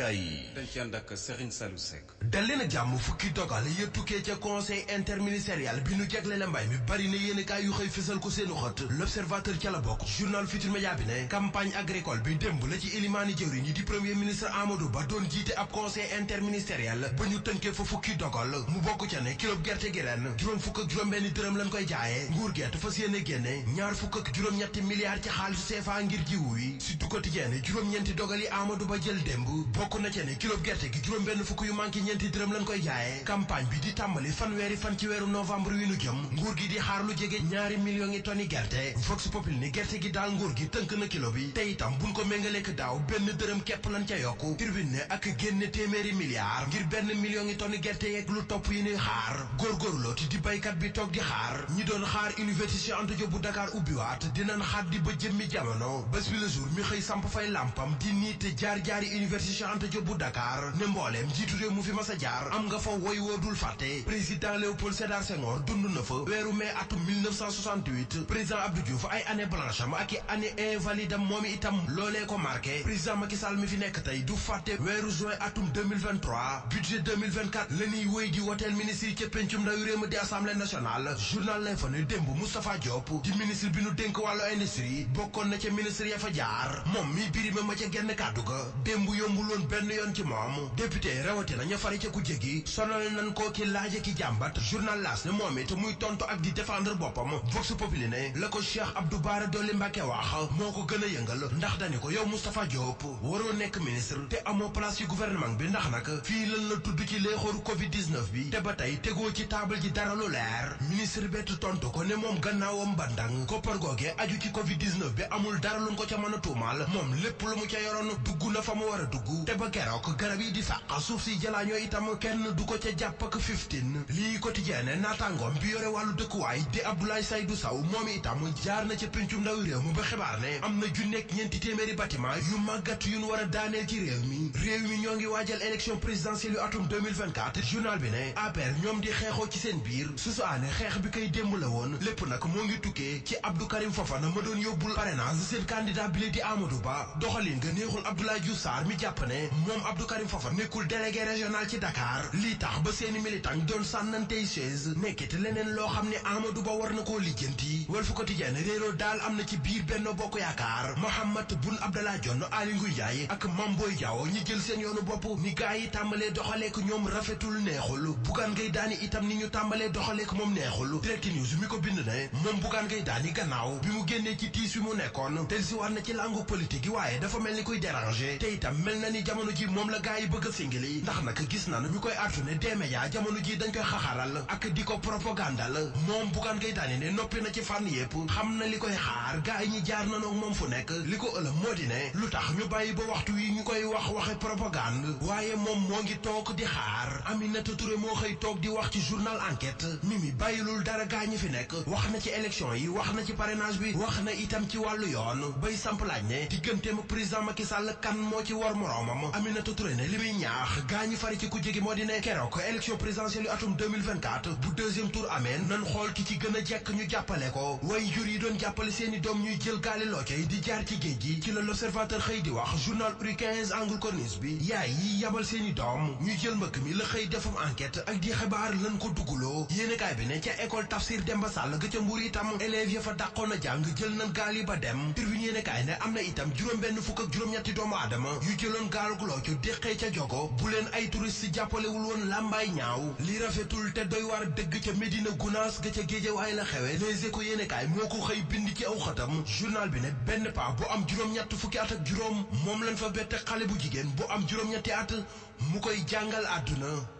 kay dañ ci ànd ak Serigne jàmm fukki dogal ya ca conseil interministériel bi nu jaglele mbay mi bari na yéen yu xëy fësal ko seenu xët l'observateur ca la bokk journal Futurs Médias bi ne campagne agricole bi démb la ci ilimaani jëwriñ yi di premier ministre Amadou Ba doon jiite ab conseil interministériel ba ñu tënkee fa fukki dogal mu bokk ca ne kilo gerte gi ren juróom fukk ak juróom benn dërëm lañ koy jaayee nguur gerte fas yéene génne ñaar fukk ak juróom yokk na ne kilo gerte gi juróom-benn fukk yu manqué ñeenti dërëm lañ koy jaayee campagne bi di tàmbali fanweeri fan ci weeru novembre wi nu jëm nguur gi di xaar lu jege ñaari millions yi toni gerte vox populi ni gerte gi daal nguur gi tënk na kilo bi te itam buñ ko méngaleek daaw benn dërëm képp lañ ca yokk tribune ne ak génne téeméeri milliards ngir benn million yi toni gerte yeeg lu topp yi nuy xaar góorgóorlooti di baykat bi toog di xaar ñi doon xaar université Anta Diop bu Dakar ubbiwaat dinañ xaar di ba jëmmi jamono bés bi le jour mi xëy samp fay làmpam di niit jaar jaari université Anta njiitu réew mu fi mas a jaar am nga fa woy woo fàtte président Léopold Sédar Senghor dund na fa weeru mai atum président Abdou Diouf ay année blanche am ak i année invalide moom itam loolee ko marqué président Macky Sall mi fi nekk tey du fàtte weeru juin atum 2023 budget la ñuy woy di woteel ministre ca pencum ndawi réew mi di assemblée nationale journal L'Info ne démb Moustapha Diop di ministre bi nu dénk wàllu industrie bokkoon na ca ministre ya fa jaar moom woon benn yoon ci moom député rawatina ña fare ca ku jégi sonal nañ ko ki laaje ki jàmbat journal laas ne moom it muy tontu ak di défendre boppam vox populi ne la ko Cheikh Abdou Bara Dolly Mbacké wax moo ko gën a yëngal ndax dañu ko yow Moustapha Diop waroo nekk ministre te amoo place ci gouvernement bi ndax nag fii lan la tudd ci leexooru covid 19 bi te ba tey tegoo ci taabal ji dara lu leer ministre bett tontu ko ne moom gannaawam bandang koppar googe aju ci covid 19 bi amul dara luñ ko ca mën a moom lépp lu mu ca yoroon dugg na fa mu war a dugg te ba keroog garab yi di sàq suuf si jalaañoo itam kenn du ko ca jàpp ak fifteen lii quotidien naataangoom bi yore wàllu dëkkuwaay di Abdoulaye Saydou Sow moom itam jaar na ca pencum ndaw réew mi ñoo ngi waajal élection présidentielle yu atum journal bi ne APR ñoom di xeexoo ci seen biir su su aane xeex bi koy démb la woon lépp nag moo ngi tukkee ci Abdou Karim Fofana ma doon yóbbul parrainage seen candidat bi la di Amadou Ba doxalin nga neexul Abdoulaye moom Abdou Karim Fofana nekkul délégué régional ci Dakar lii tax ba seeni militant doon sànnantey chaise nekkit leneen loo xam ne Amadou Ba war na koo lijjanti Walf Quotidien réeroo daal am na ci biir Benno Bokk Yaakaar Mahammed Boun Abdallah Dionne Aly Ngouille Ndiaye ak Mame Boye Diao ñi jël seen yoonu bopp ni gaa yi tàmbalee doxaleek ñoom rafetul neexul Bougane Gueye Dany itam ni ñu tàmbalee doxaleek moom neexul Direct News mi ko bind ne moom Bougane Gueye Dany gannaaw bi mu génnee ci tiis bi mu nekkoon waaye dafa mel ni kuy jamono ji moom la gaa yi bëgg a singili ndax nag gis na ñu koy artu ne des médias jamono ji dañ koy xaxaral ak di ko propagandal moom Bougane Gueye Dany ne noppi na ci fànn yépp xam na li koy xaar gaa yi ñi jaar na noog moom fu nekk li ko ëllëg moo di ne lu tax ñu bàyyi ba waxtu yi ñu koy wax waxe propagande waaye moom moo ngi toog di xaar Aminata Touré moo xëy toog di wax ci journal enquête Mimi bàyyilul dara gaa ñi fi nekk wax na ci élection yi wax na ci parrainage bi wax na itam ci wàllu yoon bay samp laaj ne digganteem président Macky Sall kan moo ci war moroomam am Aminata Touré ne ñaax gaa ñi ci ku jege moo di keroog élection présidentielle yu bu deuxième tour amee nan xool ki ci gën a jekk ñu jàppale ko way jur yi doon jàppale seeni doom ñuy jël gaali looce di jaar ci géej gi ci la l'observateur xëy di wax journal Uri 15 angle corniche bi yaay yi yabal seeni doom ñu jël mbëkk mi la xëy defum enquête ak di xibaar lan ko dugguloo yéenekaay bi ne ca école Tafsir Demba Sall ga ca Mbuur itam élèves ya fa dàqoon a jàng jël nan gaal yi ba dem tribune yéenekaay ne am na itam juróom benn fukk ak juróom-ñetti doomu aadama yu jëloon gaal laalkuloo cu déqee ca jogo bu leen ay touriste si jàppalewul woon làmbaay ñaaw li rafetul te doy waar dëgg ca Médina Gounass ga ca waaye la xewe ko Échos yéenekaay moo ko xëy bind ci aw xatam journal bi ne benn paa bu am juróom-ñett fukki at ak juróom moom lañ fa bette xale bu jigéen bu am juróom-ñetti at mu koy jàngal àdduna